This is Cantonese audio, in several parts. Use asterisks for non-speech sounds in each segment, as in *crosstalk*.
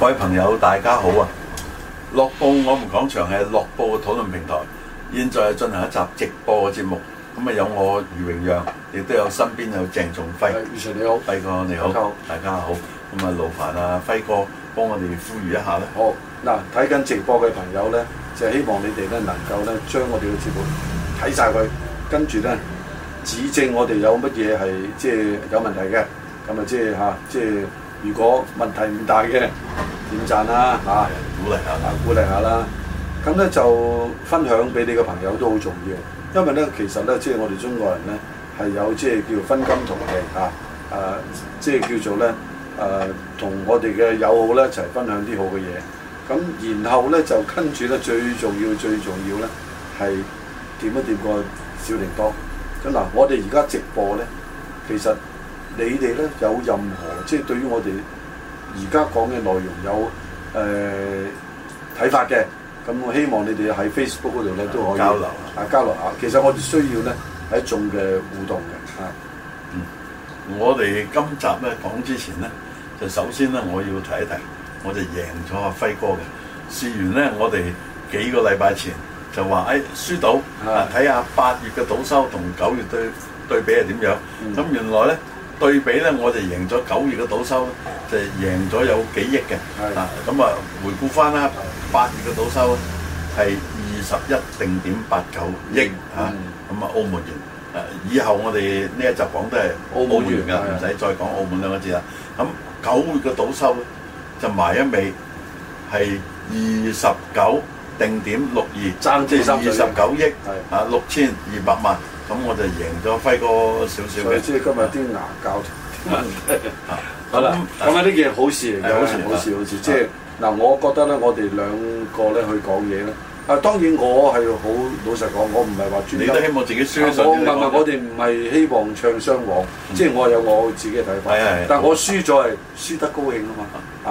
各位朋友，大家好啊！樂報我們講場係樂報嘅討論平台，現在進行一集直播嘅節目。咁啊，有我余榮讓，亦都有身邊有鄭仲輝。余 Sir 你好，輝哥你好、嗯，大家好。咁啊，勞煩啊，輝哥，幫我哋呼籲一下啦。好嗱，睇緊直播嘅朋友咧，就係、希望你哋咧能夠咧將我哋嘅節目睇晒佢，跟住咧指正我哋有乜嘢係即係有問題嘅。咁啊，即係吓，即係。如果問題唔大嘅，點贊啦嚇，鼓勵下、啊，鼓勵下啦。咁咧就分享俾你嘅朋友都好重要，因為咧其實咧即係我哋中國人咧係有即係叫分金同利嚇，誒即係叫做咧誒、啊、同我哋嘅友好咧一齊分享啲好嘅嘢。咁然後咧就跟住咧最重要最重要咧係點一點個小鈴鐺。咁嗱，我哋而家直播咧，其實。你哋咧有任何即係對於我哋而家講嘅內容有誒睇、呃、法嘅，咁我希望你哋喺 Facebook 嗰度咧都可以交流下、啊啊。其實我哋需要咧一種嘅互動嘅嚇。嗯，我哋今集咧講之前咧，就首先咧我要提一提，我哋贏咗阿輝哥嘅。試完咧，我哋幾個禮拜前就話喺、哎、輸到，啊的，睇下八月嘅賭收同九月對對比係點樣。咁、嗯、原來咧～對比咧，我哋贏咗九月嘅賭收就贏咗有幾億是的、啊、億嘅，啊咁、嗯、啊回顧翻啦，八月嘅賭收係二十一定點八九億嚇，咁啊澳門元，啊以後我哋呢一集講都係澳門元㗎，唔使是的 再講澳門兩個字啦。咁、啊、九月嘅賭收就埋一尾係二十九定點六二，爭爭二十九億，啊六千二百萬。咁我就贏咗輝哥少少，即係今日啲牙膠。咁呢件好事嚟嘅，好事好事好事。即係嗱，我覺得咧，我哋兩個咧去講嘢咧。啊，當然我係好老實講，我唔係話專。你都希望自己輸上，唔係我哋唔係希望唱雙簧，即係我有我自己嘅睇法。但我輸咗係輸得高興啊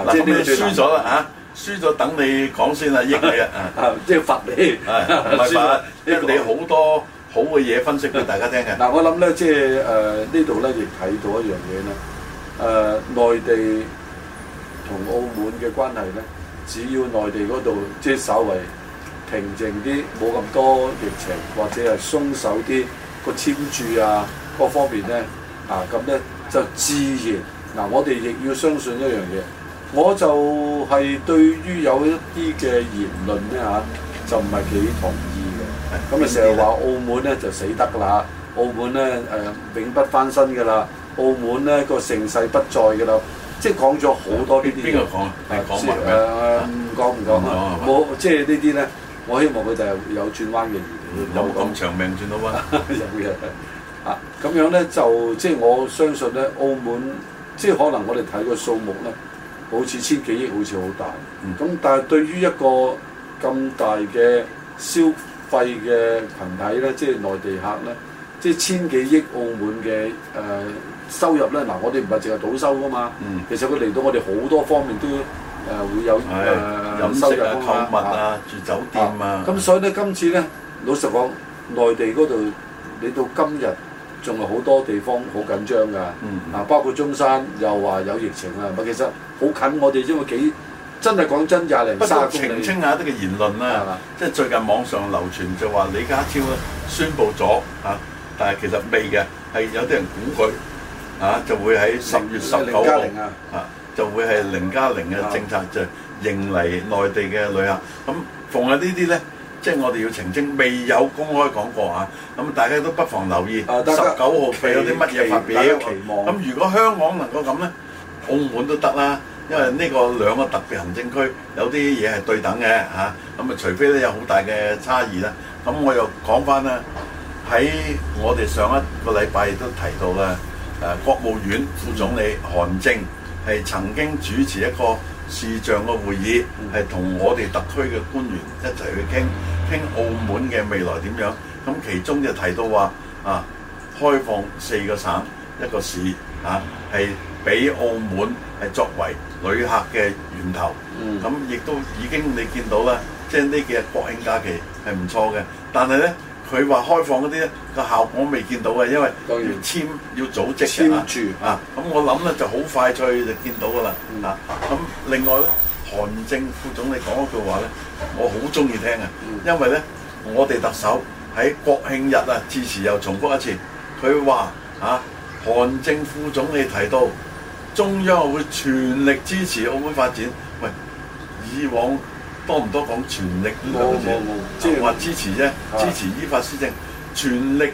嘛。即係你個輸咗啦嚇，輸咗等你講先啊，益你啊，即係罰你。唔係罰你好多。好嘅嘢分析俾大家聽嘅、嗯。嗱，我諗咧，即係誒呢度咧，亦睇到一樣嘢咧，誒內地同澳門嘅關係咧，只要內地嗰度即係稍為平靜啲，冇咁多疫情，或者係鬆手啲個簽注啊各方面咧，啊咁咧就自然。嗱，我哋亦要相信一樣嘢。我就係對於有一啲嘅言論咧吓就唔係幾同意。咁啊、嗯！成日話澳門咧就死得啦，澳門咧誒、呃、永不翻身嘅啦，澳門咧個盛世不再嘅啦，即係講咗好多呢啲。邊個講？你講埋嘅。講唔講？我即係呢啲咧，我希望佢哋有轉彎嘅餘地。嗯、有咁長命轉到彎，有嘅、 *laughs* 嗯。啊，咁樣咧就即係我相信咧，澳門即係可能我哋睇個數目咧，好似千幾億，好似好大。嗯。咁但係對於一個咁大嘅消費嘅群體咧，即係內地客咧，即係千幾億澳門嘅誒、呃、收入咧。嗱、啊，我哋唔係淨係賭收噶嘛，嗯、其實佢嚟到我哋好多方面都誒、呃、會有誒、呃、飲食啊、購物啊、啊住酒店啊。咁、啊、所以咧，今次咧，老實講，內地嗰度你到今日仲有好多地方好緊張㗎。嗯、啊，包括中山又話有疫情啊，其實好近我哋因為幾。真係講真廿零，不過澄清下啲嘅言論啦，即係最近網上流傳就話李家超咧宣布咗嚇，但係其實未嘅，係有啲人估佢嚇就會喺十月十九號嚇就會係零加零嘅政策就的迎嚟內地嘅旅客。咁逢係呢啲咧，即係我哋要澄清，未有公開講過啊。咁大家都不妨留意十九號俾啲乜嘢發表，期望。咁如果香港能夠咁咧，澳門都得啦。因為呢個兩個特別行政區有啲嘢係對等嘅嚇，咁啊除非咧有好大嘅差異啦，咁、啊、我又講翻啦，喺我哋上一個禮拜亦都提到啦，誒、啊、國務院副總理韓正係曾經主持一個視像嘅會議，係同我哋特區嘅官員一齊去傾傾澳門嘅未來點樣，咁、啊、其中就提到話啊開放四個省一個市嚇，係、啊、俾澳門係作為，旅客嘅源頭，咁亦、嗯、都已經你見到啦。即係呢幾日國慶假期係唔錯嘅，但係咧佢話開放嗰啲咧個效果未見到嘅，因為要簽然要組織嘅住啊，咁、嗯、我諗咧就好快脆就見到㗎啦。嗯、啊，咁另外咧，韓正副總理講一句話咧，我好中意聽啊，因為咧我哋特首喺國慶日啊，次時又重複一次，佢話啊，韓正副總理提到。中央會全力支持澳門發展。喂，以往多唔多講全力？呢冇冇，即係話支持啫，啊、支持依法施政，全力。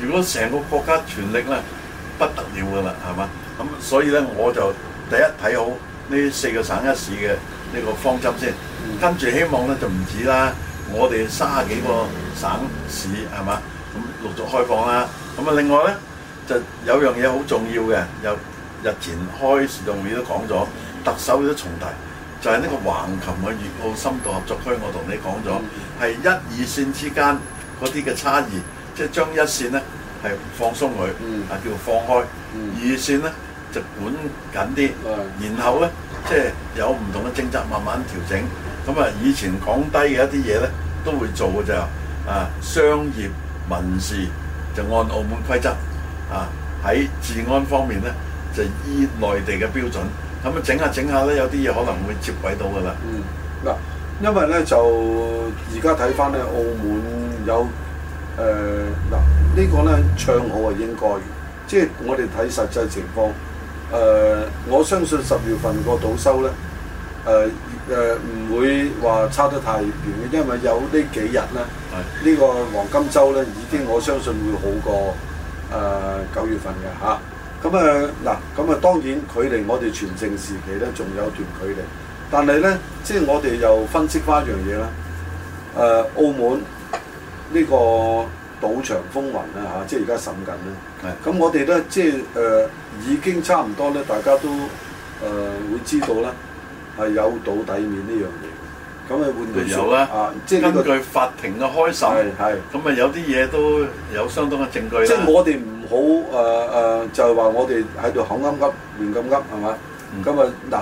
如果成個國家全力咧，不得了㗎啦，係嘛？咁所以咧，我就第一睇好呢四個省一市嘅呢個方針先。跟住希望咧就唔止啦，我哋卅幾個省市係嘛？咁陸續開放啦。咁啊，另外咧就有樣嘢好重要嘅，有。日前開事務會議都講咗，特首都重提，就係呢個橫琴嘅粵澳深度合作區。我同你講咗，係一、二線之間嗰啲嘅差異，即係將一線咧係放鬆佢，啊，叫做放開；嗯，二線咧就管緊啲，然後咧即係有唔同嘅政策慢慢調整。咁啊，以前講低嘅一啲嘢咧都會做嘅啫。啊，商業民事就按澳門規則。啊，喺治安方面咧。就依內地嘅標準，咁啊整下整下咧，有啲嘢可能會接軌到噶啦。嗯，嗱，因為咧就而家睇翻咧，澳門有誒嗱、呃呃這個、呢個咧唱好啊應該，即係我哋睇實際情況誒、呃，我相信十月份個賭收咧誒誒唔會話差得太遠嘅，因為有幾呢幾日咧，呢的個黃金周咧已經我相信會好過誒九、呃、月份嘅嚇。咁誒嗱，咁啊、嗯、當然距離我哋全盛時期咧，仲有段距離，但係咧，即係我哋又分析翻一樣嘢啦。誒、呃、澳門呢個賭場風雲啦，吓即係而家審緊咧。係咁我哋咧，即係誒的、呃、已經差唔多咧，大家都誒、呃、會知道咧係有賭底面呢樣嘢。咁啊，換句説話啊，即係根據法庭嘅開審係係。咁啊，有啲嘢都有相當嘅證據啦。即係我哋唔。的好誒，誒，就係、是、話我哋喺度口啱噏亂咁噏係嘛？咁啊嗱，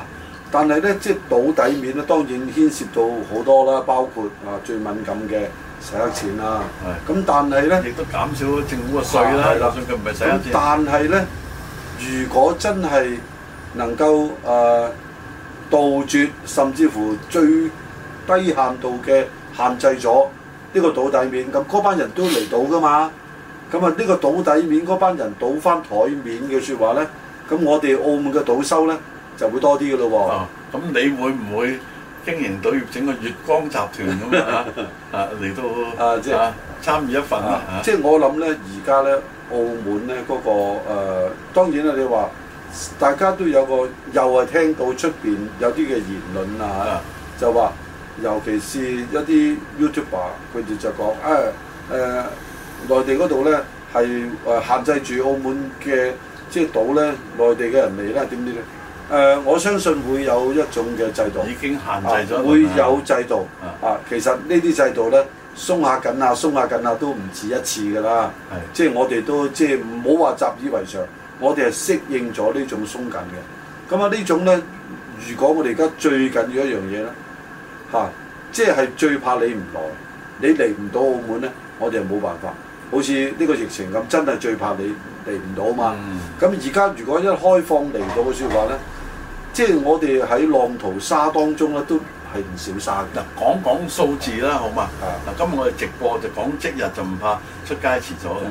但係咧，即係賭底面咧，當然牽涉到好多啦，包括啊最敏感嘅洗黑錢啊。咁、嗯嗯、但係咧，亦都減少咗政府嘅稅啦。係啦是，最唔係洗黑錢。但係咧，如果真係能夠誒杜、呃、絕，甚至乎最低限度嘅限制咗呢個賭底面，咁嗰班人都嚟到㗎嘛？咁啊！呢個賭底面嗰班人倒翻台面嘅説話咧，咁我哋澳門嘅賭收咧就會多啲嘅咯喎。啊！咁你會唔會經營賭業整個月光集團咁 *laughs* 啊？啊嚟到啊，即係參與一份啦。啊啊、即係我諗咧，而家咧澳門咧嗰、嗰個誒、呃，當然啦，你話大家都有個又係聽到出邊有啲嘅言論啊，啊就話尤其是一啲 YouTuber 佢哋就講誒誒。哎呃哎呃哎呃內地嗰度咧係誒限制住澳門嘅即係島咧，內地嘅人嚟咧點點咧？誒、呃，我相信會有一種嘅制度，已經限制咗、啊，會有制度的啊。其實呢啲制度咧鬆下緊下，鬆下緊下都唔止一次㗎啦。係的，即係我哋都即係唔好話習以為常，我哋係適應咗呢種鬆緊嘅。咁啊，呢種咧，如果我哋而家最緊要一樣嘢咧，嚇、啊，即係最怕你唔來，你嚟唔到澳門咧，我哋係冇辦法。好似呢個疫情咁，真係最怕你嚟唔到嘛。咁而家如果一開放嚟到嘅說話咧，即係我哋喺浪淘沙當中咧，都係唔少沙嗱，講講數字啦，好嘛？嗱，今日我哋直播就講即日就唔怕出街遲咗嘅。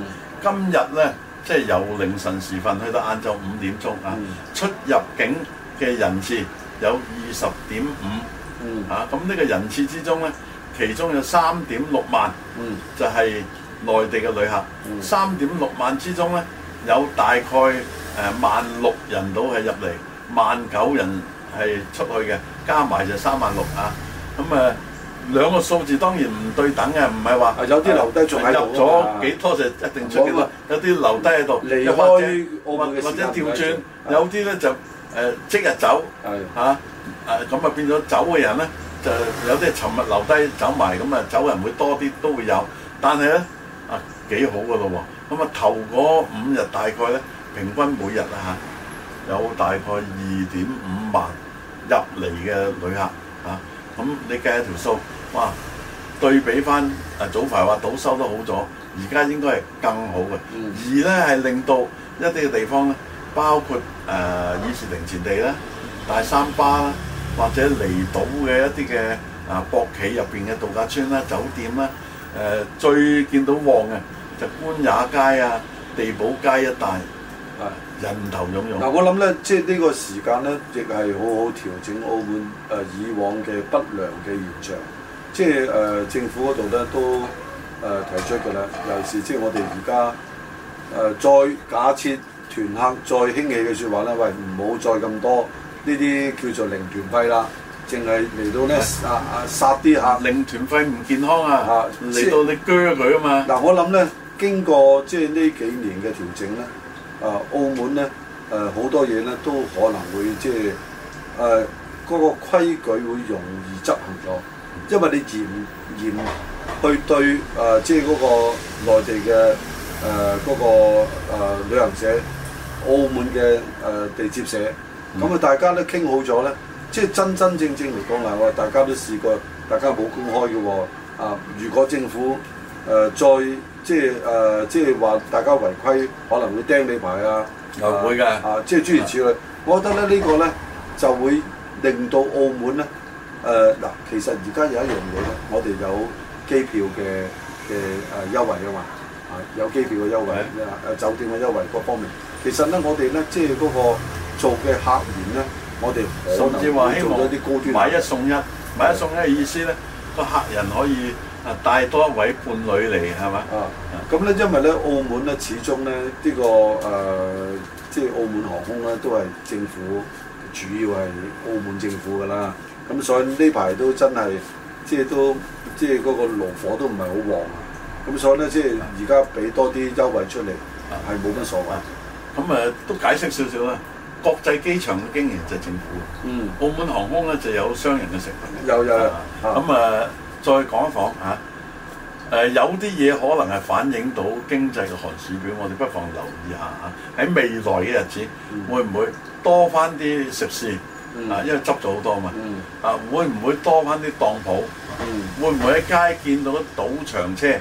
今日咧，即係由凌晨時分去到晏晝五點鐘啊，嗯，出入境嘅人次有二十點五，嗯啊，咁呢個人次之中咧，其中有三點六萬，嗯，就係。內地嘅旅客，三點六萬之中咧，有大概誒萬六人到係入嚟，萬九人係出去嘅，加埋就三萬六啊。咁誒兩個數字當然唔對等嘅，唔係話有啲留低，進入咗幾多就一定出嘅嘛。我有啲留低喺度，離開或者調轉，啊、有啲咧就誒、呃、即日走嚇。誒咁啊，啊，啊，啊變咗走嘅人咧，就有啲係尋日留低走埋，咁啊走人會多啲都會有，但係咧。幾好噶咯喎！咁啊，頭嗰五日大概咧，平均每日啊嚇，有大概二點五萬入嚟嘅旅客啊。咁你計下條數，哇！對比翻啊，早排話島收得好咗，而家應該係更好嘅。而咧係令到一啲嘅地方咧，包括誒議事亭前地啦、大三巴啦，或者離島嘅一啲嘅啊博企入邊嘅度假村啦、酒店啦，誒最見到旺嘅。就官也街啊、地堡街一帶，啊的，人頭涌湧。嗱，我諗咧，即係呢個時間咧，亦係好好調整澳門誒、呃、以往嘅不良嘅現象。即係誒、呃、政府嗰度咧都誒、呃、提出㗎啦，尤其是即係我哋而家誒再假設團客再興起嘅説話咧，喂，唔好再咁多呢啲叫做零團費啦，淨係嚟到咧啊啊殺啲客，零團費唔健康啊嚇，嚟的到你鋸佢啊嘛。嗱，我諗咧。經過即係呢幾年嘅調整呢啊，澳門呢誒好多嘢呢都可能會即係誒嗰個規矩會容易執行咗，因為你嚴嚴去對誒、呃、即係嗰、嗰個內地嘅誒嗰個旅行社，澳門嘅誒地接社，咁啊、嗯、大家都傾好咗呢，即係真真正正嚟講話，大家都試過，大家冇公開嘅喎，啊、呃，如果政府誒、呃、再即係誒、呃，即係話大家違規可能會釘你牌啊，啊，即係諸如此類。是我覺得咧呢個咧就會令到澳門咧誒嗱，其實而家有一樣嘢咧，我哋有機票嘅嘅誒優惠嘅嘛，啊、呃呃、有機票嘅優惠啊，是酒店嘅優惠各方面。其實咧我哋咧即係嗰個做嘅客源咧，我哋甚至話希望啲高端買一送一，買一送一嘅意思咧，個客人可以。啊，帶多一位伴侶嚟係嘛啊？咁咧，因為咧，澳門咧，始終咧，呢、呢個誒、呃，即係澳門航空咧，都係政府主要係澳門政府噶啦。咁所以呢排都真係，即係都，即係嗰個爐火都唔係好旺。咁所以咧，即係而家俾多啲優惠出嚟，係冇乜所謂、啊。咁、啊、誒、啊，都解釋少少啊。國際機場嘅經營就係政府。嗯，澳門航空咧就有商人嘅成分。有有。咁誒、啊。啊啊。再講一講嚇，誒、啊、有啲嘢可能係反映到經濟嘅寒暑表，我哋不妨留意下嚇。喺未來嘅日子，會唔會多翻啲食肆啊？因為執咗好多嘛，啊會唔會多翻啲當鋪？會唔會喺街見到嗰賭場車？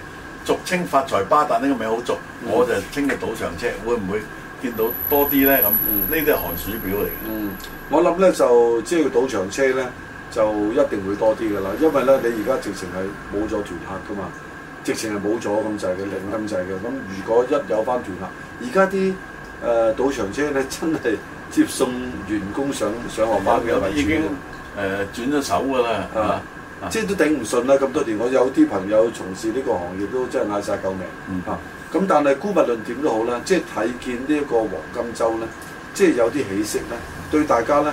俗稱發財巴，但呢個名好俗，我就稱佢賭場車。會唔會見到多啲咧？咁呢啲係寒暑表嚟嘅、嗯。我諗咧就即係賭場車咧。就一定會多啲噶啦，因為咧你而家直情係冇咗團客噶嘛，直情係冇咗咁滯嘅零咁滯嘅。咁的如果一有翻團客，而家啲誒賭場車咧真係接送員工上、嗯、上落班嘅，已經誒、呃、轉咗手噶啦，嚇！即係都頂唔順啦。咁多年，我有啲朋友從事呢個行業都真係嗌晒救命。咁、嗯、但係姑勿論點都好咧，即係睇見呢一個黃金週咧，即、就、係、是就是、有啲起色咧，對大家咧。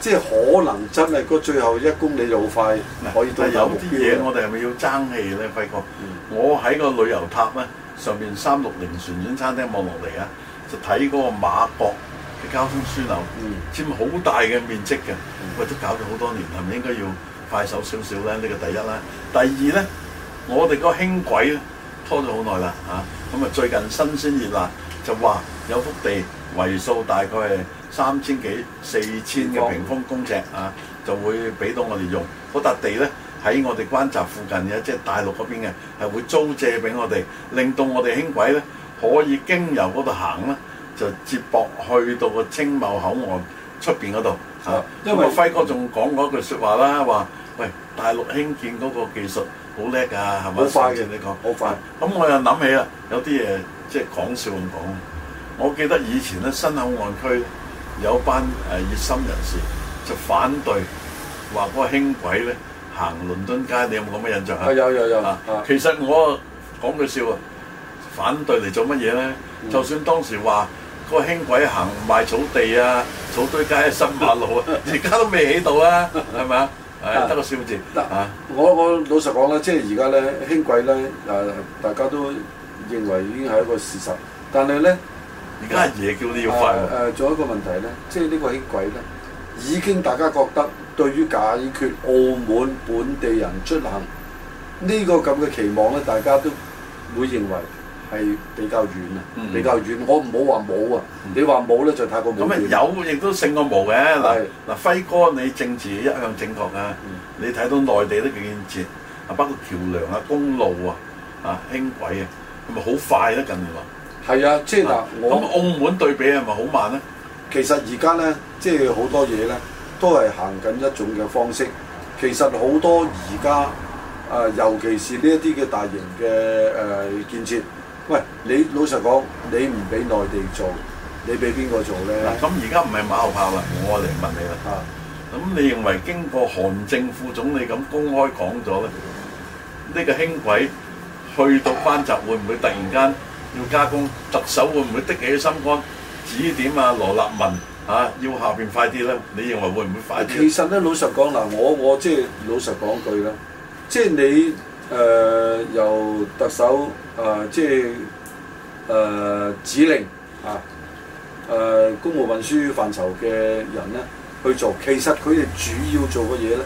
即係可能真係個最後一公里路費可以，但有啲嘢我哋係咪要爭氣咧？輝哥，我喺個旅遊塔咧上面，三六零旋轉餐廳望落嚟啊，就睇嗰個媽閣嘅交通樞紐佔好大嘅面積嘅，喂、嗯、都搞咗好多年，係咪應該要快手少少咧？呢、呢個第一啦，第二咧，我哋個輕軌拖咗好耐啦嚇，咁啊最近新鮮熱辣就話有幅地為數大概係。三千幾四千嘅平方公尺啊，就會俾到我哋用。嗰笪地咧喺我哋關閘附近嘅，即係大陸嗰邊嘅，係會租借俾我哋，令到我哋輕軌咧可以經由嗰度行啦，就接駁去到個青茂口岸出邊嗰度嚇。因為輝哥仲講嗰句説話啦，話喂，大陸興建嗰個技術好叻㗎，係咪？好快嘅你講，好快。咁我又諗起啦，有啲嘢即係講笑咁講。我記得以前咧新口岸區。有班誒熱心人士就反對，話嗰個輕軌咧行倫敦街，你有冇咁嘅印象啊？有有有，啊有其實我講句笑啊，反對嚟做乜嘢咧？嗯、就算當時話嗰個輕軌行賣草地啊，嗯、草堆街新馬路啊，而家、嗯、都未起到啊，係咪？ *laughs* 係得個笑字得啊！啊啊我我老實講啦，即係而家咧輕軌咧，誒、呃、大家都認為已經係一個事實，但係咧。而家嘢叫你要快喎、啊。仲有一個問題咧，即、就、係、是、呢個輕軌咧，已經大家覺得對於解決澳門本地人出行呢、這個咁嘅期望咧，大家都會認為係比較遠啊，嗯嗯嗯比較遠。我唔好話冇啊，嗯嗯你話冇咧就太過無。咁啊有，亦都勝過冇嘅。嗱嗱，輝哥，你政治一向正確啊。嗯、你睇到內地都幾建設啊，包括橋梁啊、公路啊、啊輕軌啊，係咪好快咧？近年來、啊？係啊，即係嗱，啊、我、嗯嗯、澳門對比係咪好慢咧？其實而家咧，即係好多嘢咧，都係行緊一種嘅方式。其實好多而家啊，尤其是呢一啲嘅大型嘅誒、呃、建設，喂，你老實講，你唔俾內地做，你俾邊個做咧？咁而家唔係馬後炮啦，我嚟問你啦。啊，咁你認為經過韓正副總理咁公開講咗咧，呢、呢個輕軌去到班集會唔會突然間、嗯？要加工，特首會唔會的起心肝，指點啊羅立文啊，要下邊快啲咧？你認為會唔會快啲？其實咧，老實講嗱，我我即係老實講句啦，即係你誒由特首誒即係誒指令啊誒公務運輸範疇嘅人咧去做，其實佢哋主要做嘅嘢咧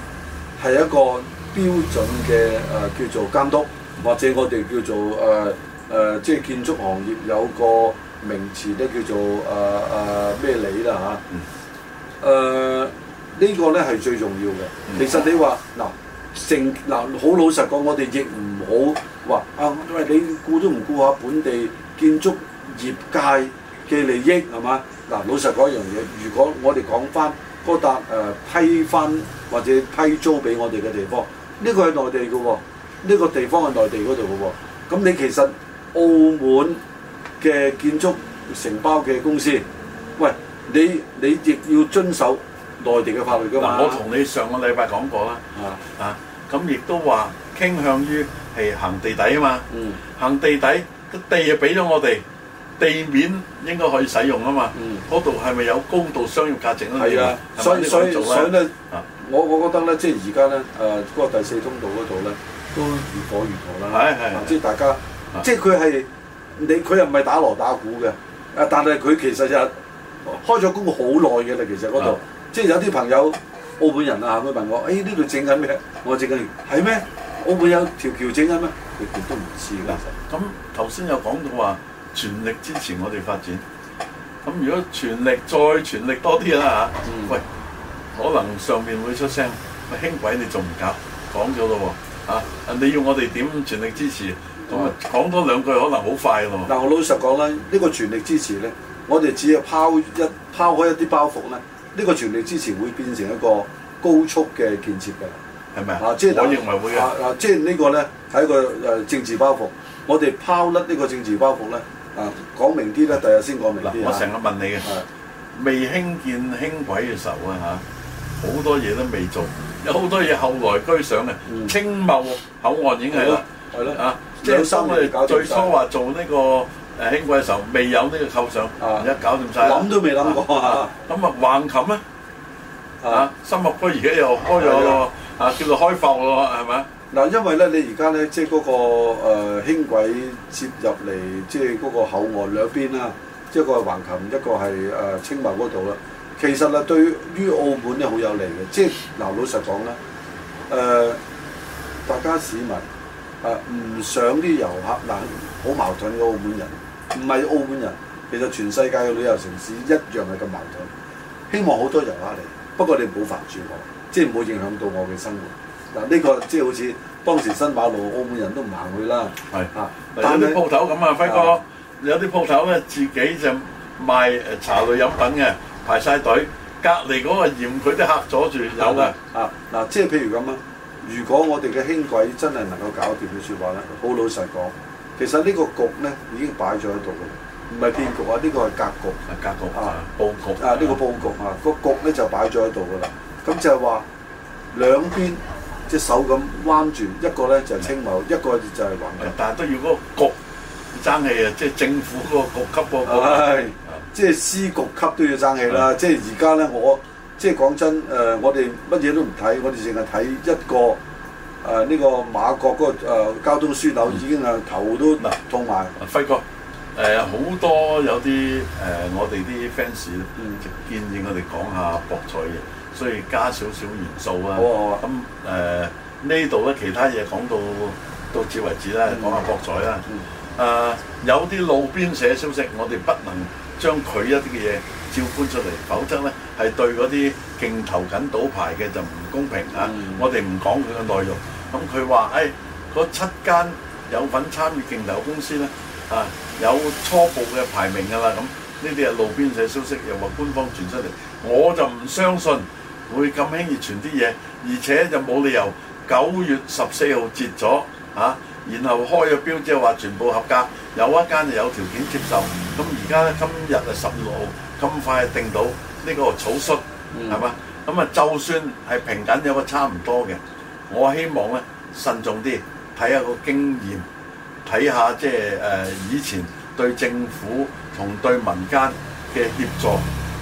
係一個標準嘅誒叫做監督，或者我哋叫做誒。呃誒、呃，即係建築行業有個名詞咧，叫做誒誒咩理啦嚇。誒、呃、呢、呃這個咧係最重要嘅。其實你話嗱、呃、成嗱好、呃、老實講，我哋亦唔好話啊，因為、呃、你顧都唔顧下本地建築業界嘅利益係嘛？嗱、呃，老實講一樣嘢，如果我哋講翻笪誒批翻或者批租俾我哋嘅地方，呢、這個係內地嘅喎，呢、這個地方係內地嗰度嘅喎，咁你其實～澳門嘅建築承包嘅公司，喂，你你亦要遵守內地嘅法律嘅嘛？我同你上個禮拜講過啦，啊，咁亦都話傾向於係行地底啊嘛，行地底個地就俾咗我哋，地面應該可以使用啊嘛，嗰度係咪有高度商業價值咧？係啊，所以所以所以咧，我我覺得咧，即係而家咧，誒嗰個第四通道嗰度咧，都如火如荼啦，即係大家。即係佢係你佢又唔係打鑼打鼓嘅，啊！但係佢其實又開咗工好耐嘅啦，其實嗰度，的即係有啲朋友澳門人啊，佢問我：，誒呢度整緊咩？我話：整緊係咩？澳門有條橋整緊咩？佢都唔知㗎。咁頭先有講到話全力支持我哋發展，咁如果全力再全力多啲啦嚇，嗯、喂，可能上面會出聲，輕軌你仲唔搞？講咗咯喎，啊！你要我哋點全力支持？咁啊、 *noise* 嗯，講多兩句可能好快喎！嗱，我老實講啦，呢、這個全力支持咧，我哋只要拋一拋開一啲包袱咧，呢、這個全力支持會變成一個高速嘅建設嘅，係咪啊？即係是我認為會嘅。啊，即係呢個咧係一個誒政治包袱，我哋拋甩呢個政治包袱咧。啊，講明啲咧，第日先講明啲的、啊、我成日問你嘅，的未興建輕軌嘅時候啊嚇！好多嘢都未做，有好多嘢後來居上嘅，青茂口岸已經係啦，係啦、嗯、啊！啊即係心咧，最初話做呢個誒輕軌嘅時候，未有呢個構想，而家搞掂晒。諗都未諗過。咁啊，橫琴咧嚇，深合區而家又開咗，啊叫做開放咯，係咪、啊？嗱吧，因為咧，你而家咧，即係、那、嗰個誒輕軌接入嚟，即係嗰個口岸兩邊啦，即個橫琴一個係橫琴，一個係誒青茂嗰度啦。其實啊，對於澳門咧好有利嘅，即係嗱、呃，老實講啦，誒、呃、大家市民。誒唔想啲遊客嗱，好矛盾嘅澳門人，唔係澳門人，其實全世界嘅旅遊城市一樣係咁矛盾。希望好多遊客嚟，不過你唔好煩住我，即係唔好影響到我嘅生活。嗱、這、呢個即係好似當時新馬路澳門人都唔行去啦，係啊是。是有啲鋪頭咁啊，輝哥，是有啲鋪頭咧自己就賣誒茶類飲品嘅，排晒隊，隔離嗰個嫌佢啲客阻住。有嘅是吧啊，嗱，即係譬如咁啊。如果我哋嘅輕軌真係能夠搞掂嘅説話咧，好老實講，其實呢個局咧已經擺咗喺度㗎啦，唔係騙局啊，呢個係格局，係格局啊，佈局啊，呢個佈局啊，個局咧就擺咗喺度㗎啦。咁就係話兩邊隻手咁彎住，一個咧就係青茂，一個就係橫琴，但係都要嗰個局爭氣啊，即係政府嗰個局級嗰個，即係司局級都要爭氣啦。即係而家咧我。即係講真，誒、呃，我哋乜嘢都唔睇，我哋淨係睇一個誒呢、呃這個馬國嗰、那個、呃、交通輸紐已經係頭都嗱痛埋，輝、嗯、哥誒好、呃、多有啲誒、呃、我哋啲 fans、嗯、建議我哋講下博彩嘅，所以加少少元素、哦、啊。咁、呃、誒呢度咧，其他嘢講到到此為止啦，講下博彩啦。誒、嗯嗯呃、有啲路邊社消息，我哋不能。將佢一啲嘅嘢照搬出嚟，否則呢係對嗰啲競投緊賭牌嘅就唔公平啊！我哋唔講佢嘅內容，咁佢話誒嗰七間有份參與競投嘅公司呢啊，有初步嘅排名㗎啦，咁呢啲係路邊社消息又話官方傳出嚟，我就唔相信會咁輕易傳啲嘢，而且就冇理由九月十四號截咗啊，然後開咗標即係話全部合格，有一間就有條件接受。咁而家今日啊十六號咁快定到呢個草率係嘛？咁啊、嗯、就算係平緊有個差唔多嘅，我希望咧慎重啲睇下個經驗，睇下即係誒以前對政府同對民間嘅協助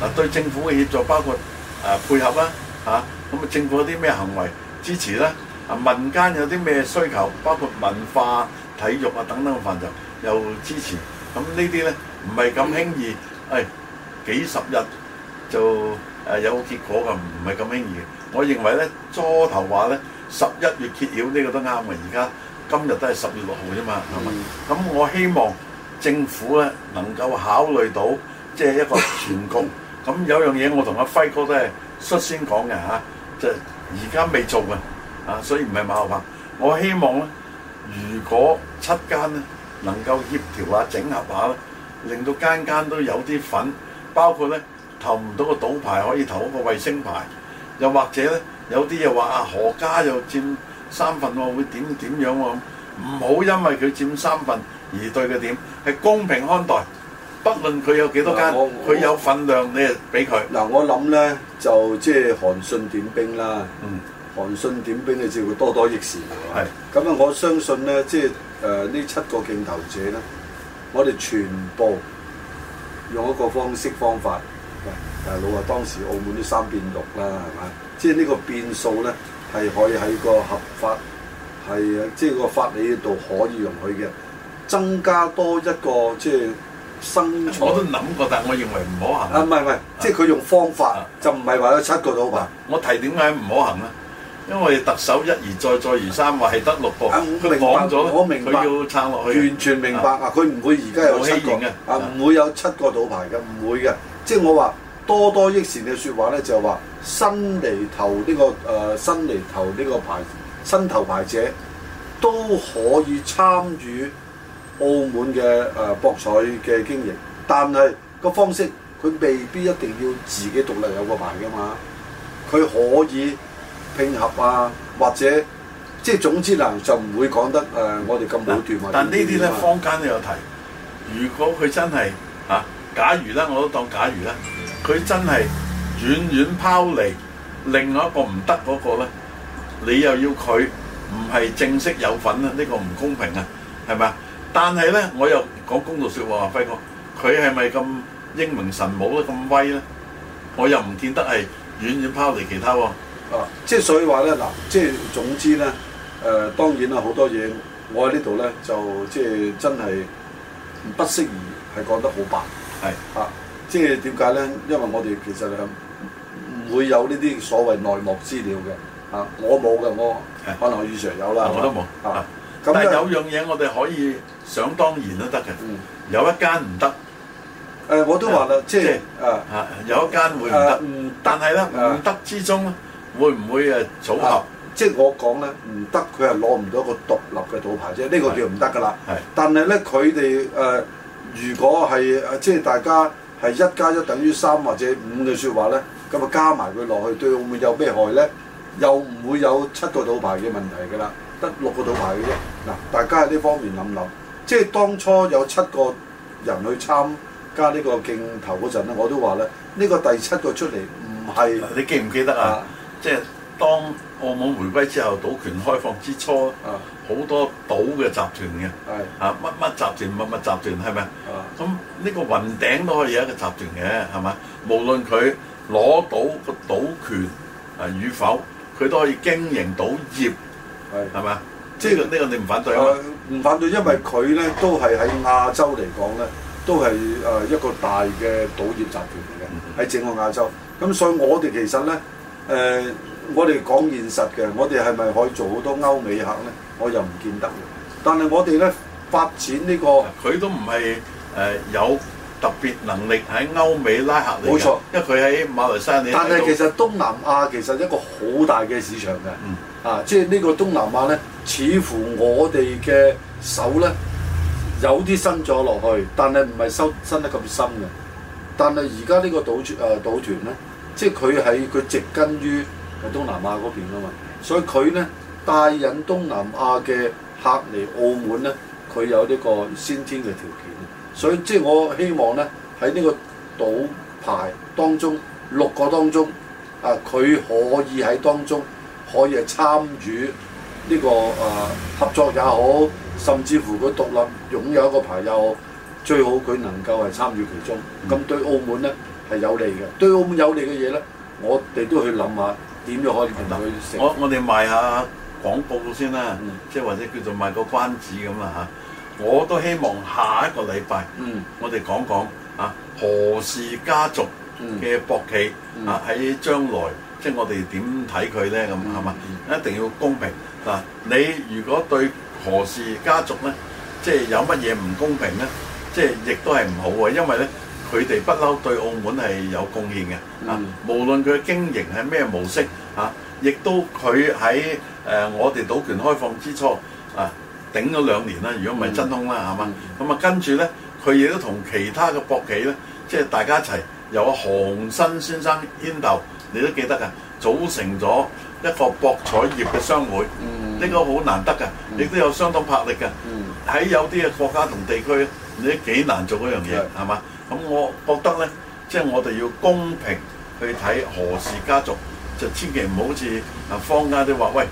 嗱、啊，對政府嘅協助包括誒、呃、配合啦、啊、嚇，咁啊政府有啲咩行為支持啦啊，啊？民間有啲咩需求，包括文化、體育啊等等範疇又支持，咁、啊、呢啲咧？唔係咁輕易，誒、哎、幾十日就誒有結果㗎，唔係咁輕易嘅。我認為咧，初頭話咧十一月揭曉呢個都啱嘅，而家今日都係十月六號啫嘛，係嘛、嗯？咁我希望政府咧能夠考慮到即係、就是、一個全局。咁 *laughs* 有樣嘢我同阿輝哥都係率先講嘅即就而、是、家未做嘅啊，所以唔係馬後炮。我希望咧，如果七間咧能夠協調下、整合下、啊、咧。令到間間都有啲份，包括呢投唔到個賭牌可以投一個衞星牌，又或者呢有啲又話啊何家又佔三分喎，會點點樣喎，唔好因為佢佔三分而對佢點，係公平看待，不論佢有幾多間，佢有份量你就俾佢。嗱，我諗呢就即係韓信點兵啦，嗯、韓信點兵你就會多多益善。係咁啊！我相信呢，即係呢七個競投者呢。我哋全部用一個方式方法，但係老實講，當時澳門啲三變六啦，係嘛？即係呢個變數咧，係可以喺個合法係啊，即係、就是、個法理度可以容許嘅，增加多一個即係、就是、生。我都諗過，但我認為唔可行。啊，唔係唔係，啊、即係佢用方法、啊、就唔係話有七個組吧？我提點解唔可行啊？因為特首一而再、再而三話係得六個，佢講咗，我明，佢要撐落去，完全明白。啊，佢唔會而家有七個，啊，唔、啊、會有七個賭牌嘅，唔會嘅。即係我話多多益善嘅説話咧，就係話新嚟投呢個誒，新嚟投呢個牌、呃，新投牌者都可以參與澳門嘅誒、呃、博彩嘅經營，但係個方式佢未必一定要自己獨立有個牌㗎嘛，佢可以。配合啊，或者即係總之能就唔會講得誒、呃，我哋咁武斷但呢啲咧坊間都有提，如果佢真係吓、啊，假如啦，我都當假如啦，佢真係遠遠拋離另外一個唔得嗰個咧，你又要佢唔係正式有份咧，呢、這個唔公平啊，係咪？但係咧，我又講公道說話，輝哥，佢係咪咁英明神武咧，咁威咧？我又唔見得係遠遠拋離其他喎。啊！即係所以話咧，嗱，即係總之咧，誒，當然啦，好多嘢我喺呢度咧，就即係真係不適宜係講得好白。係啊，即係點解咧？因為我哋其實係唔會有呢啲所謂內幕資料嘅。啊，我冇嘅，我可能我 E 常有啦，我都冇。啊，但係有樣嘢我哋可以想當然都得嘅。嗯，有一間唔得。誒，我都話啦，即係啊，有一間會唔得，但係咧唔得之中。會唔會誒組合？啊、即係我講咧，唔得佢係攞唔到一個獨立嘅賭牌啫。呢、這個叫唔得噶啦。係的。但係咧，佢哋誒，如果係即係大家係一加一等於三或者五嘅説話咧，咁啊加埋佢落去，對會唔會有咩害咧？又唔會有七個賭牌嘅問題噶啦，得六個賭牌嘅啫。嗱，大家喺呢方面諗諗，即係當初有七個人去參加呢個競投嗰陣咧，我都話咧，呢、這個第七個出嚟唔係你記唔記得啊？即係當澳門回歸之後，賭權開放之初，好、啊、多賭嘅集團嘅，是啊乜乜集團乜乜集團係咪？咁呢、啊、個雲頂都可以有一個集團嘅係咪？無論佢攞到個賭權啊與否，佢都可以經營賭業係係咪即係是呢個你唔反對啊？唔反對，因為佢咧都係喺亞洲嚟講咧，都係誒一個大嘅賭業集團嚟嘅，喺整個亞洲。咁所以我哋其實咧。誒、呃，我哋講現實嘅，我哋係咪可以做好多歐美客咧？我又唔見得。但係我哋咧發展呢個，佢都唔係誒有特別能力喺歐美拉客嘅。冇錯，因為佢喺馬來西亞。但係其實東南亞其實一個好大嘅市場嘅。嗯、啊，即係呢個東南亞咧，似乎我哋嘅手咧有啲伸咗落去，但係唔係伸伸得咁深嘅。但係而家呢個賭誒賭團咧？即係佢係佢植根於東南亞嗰邊啊嘛，所以佢呢帶引東南亞嘅客嚟澳門呢，佢有呢個先天嘅條件。所以即係我希望呢喺呢個賭牌當中，六個當中啊，佢可以喺當中可以係參與呢、這個誒、啊、合作也好，甚至乎佢獨立擁有一個牌又好，最好佢能夠係參與其中。咁、嗯、對澳門呢。係有利嘅，對澳門有利嘅嘢咧，我哋都去諗下點樣可以令佢食。我我哋賣下廣告先啦，即係或者叫做賣個關子咁啊嚇。我都希望下一個禮拜，嗯，我哋講講啊何氏家族嘅博企啊喺將來，即係我哋點睇佢咧咁係嘛？一定要公平嗱。你如果對何氏家族咧，即係有乜嘢唔公平咧，即係亦都係唔好喎，因為咧。佢哋不嬲對澳門係有貢獻嘅，啊，嗯、無論佢經營係咩模式、啊，嚇，亦都佢喺誒我哋賭權開放之初，啊，頂咗兩年啦，如果唔係真空啦，係嘛，咁啊、嗯、跟住咧，佢亦都同其他嘅博企咧，即係大家一齊由阿韓新先生牽頭，你都記得㗎、啊，組成咗一個博彩業嘅商會，呢個好難得㗎，亦、嗯、都有相當魄力㗎，喺、嗯嗯、有啲嘅國家同地區，你都幾難做嗰樣嘢，係嘛？咁我覺得咧，即係我哋要公平去睇何氏家族，就千祈唔好好似嗱方家啲話，喂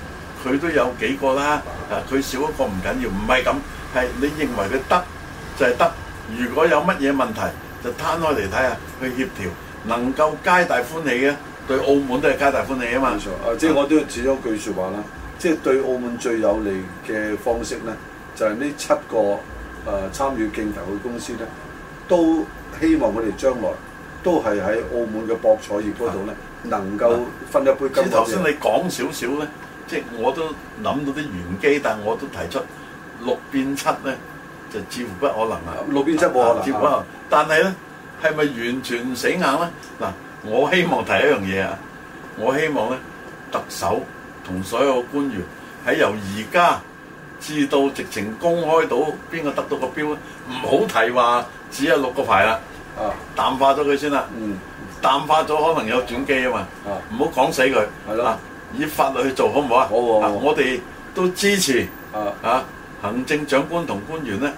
佢都有幾個啦，啊佢少一個唔緊要，唔係咁，係你認為佢得就係得，如果有乜嘢問題就攤開嚟睇下，去協調，能夠皆大歡喜嘅對澳門都係皆大歡喜啊嘛。冇錯，嗯，即係我都始終一句説話啦，即係對澳門最有利嘅方式咧，就係呢七個啊參與競投嘅公司咧都。希望我哋將來都係喺澳門嘅博彩業嗰度咧，的能夠分一杯羹。咁頭先你講少少咧，即係我都諗到啲玄機，但係我都提出六變七咧，就似乎不可能啊！六變七冇可能，但係咧係咪完全唔死硬咧？嗱，我希望提一樣嘢啊，我希望咧特首同所有官員喺由而家。至到直情公開到邊個得到個標，唔好提話，只有六個牌啦，啊，淡化咗佢先啦，嗯，淡化咗可能有轉機啊嘛，啊，唔好講死佢，係咯，以法律去做好唔好啊？好，我哋都支持，啊，啊，行政長官同官員咧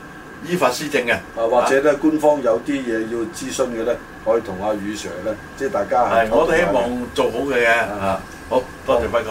依法施政嘅，啊，或者咧官方有啲嘢要諮詢嘅咧，可以同阿余 Sir 咧，即係大家係，我哋希望做好佢嘅，啊，好多謝輝哥。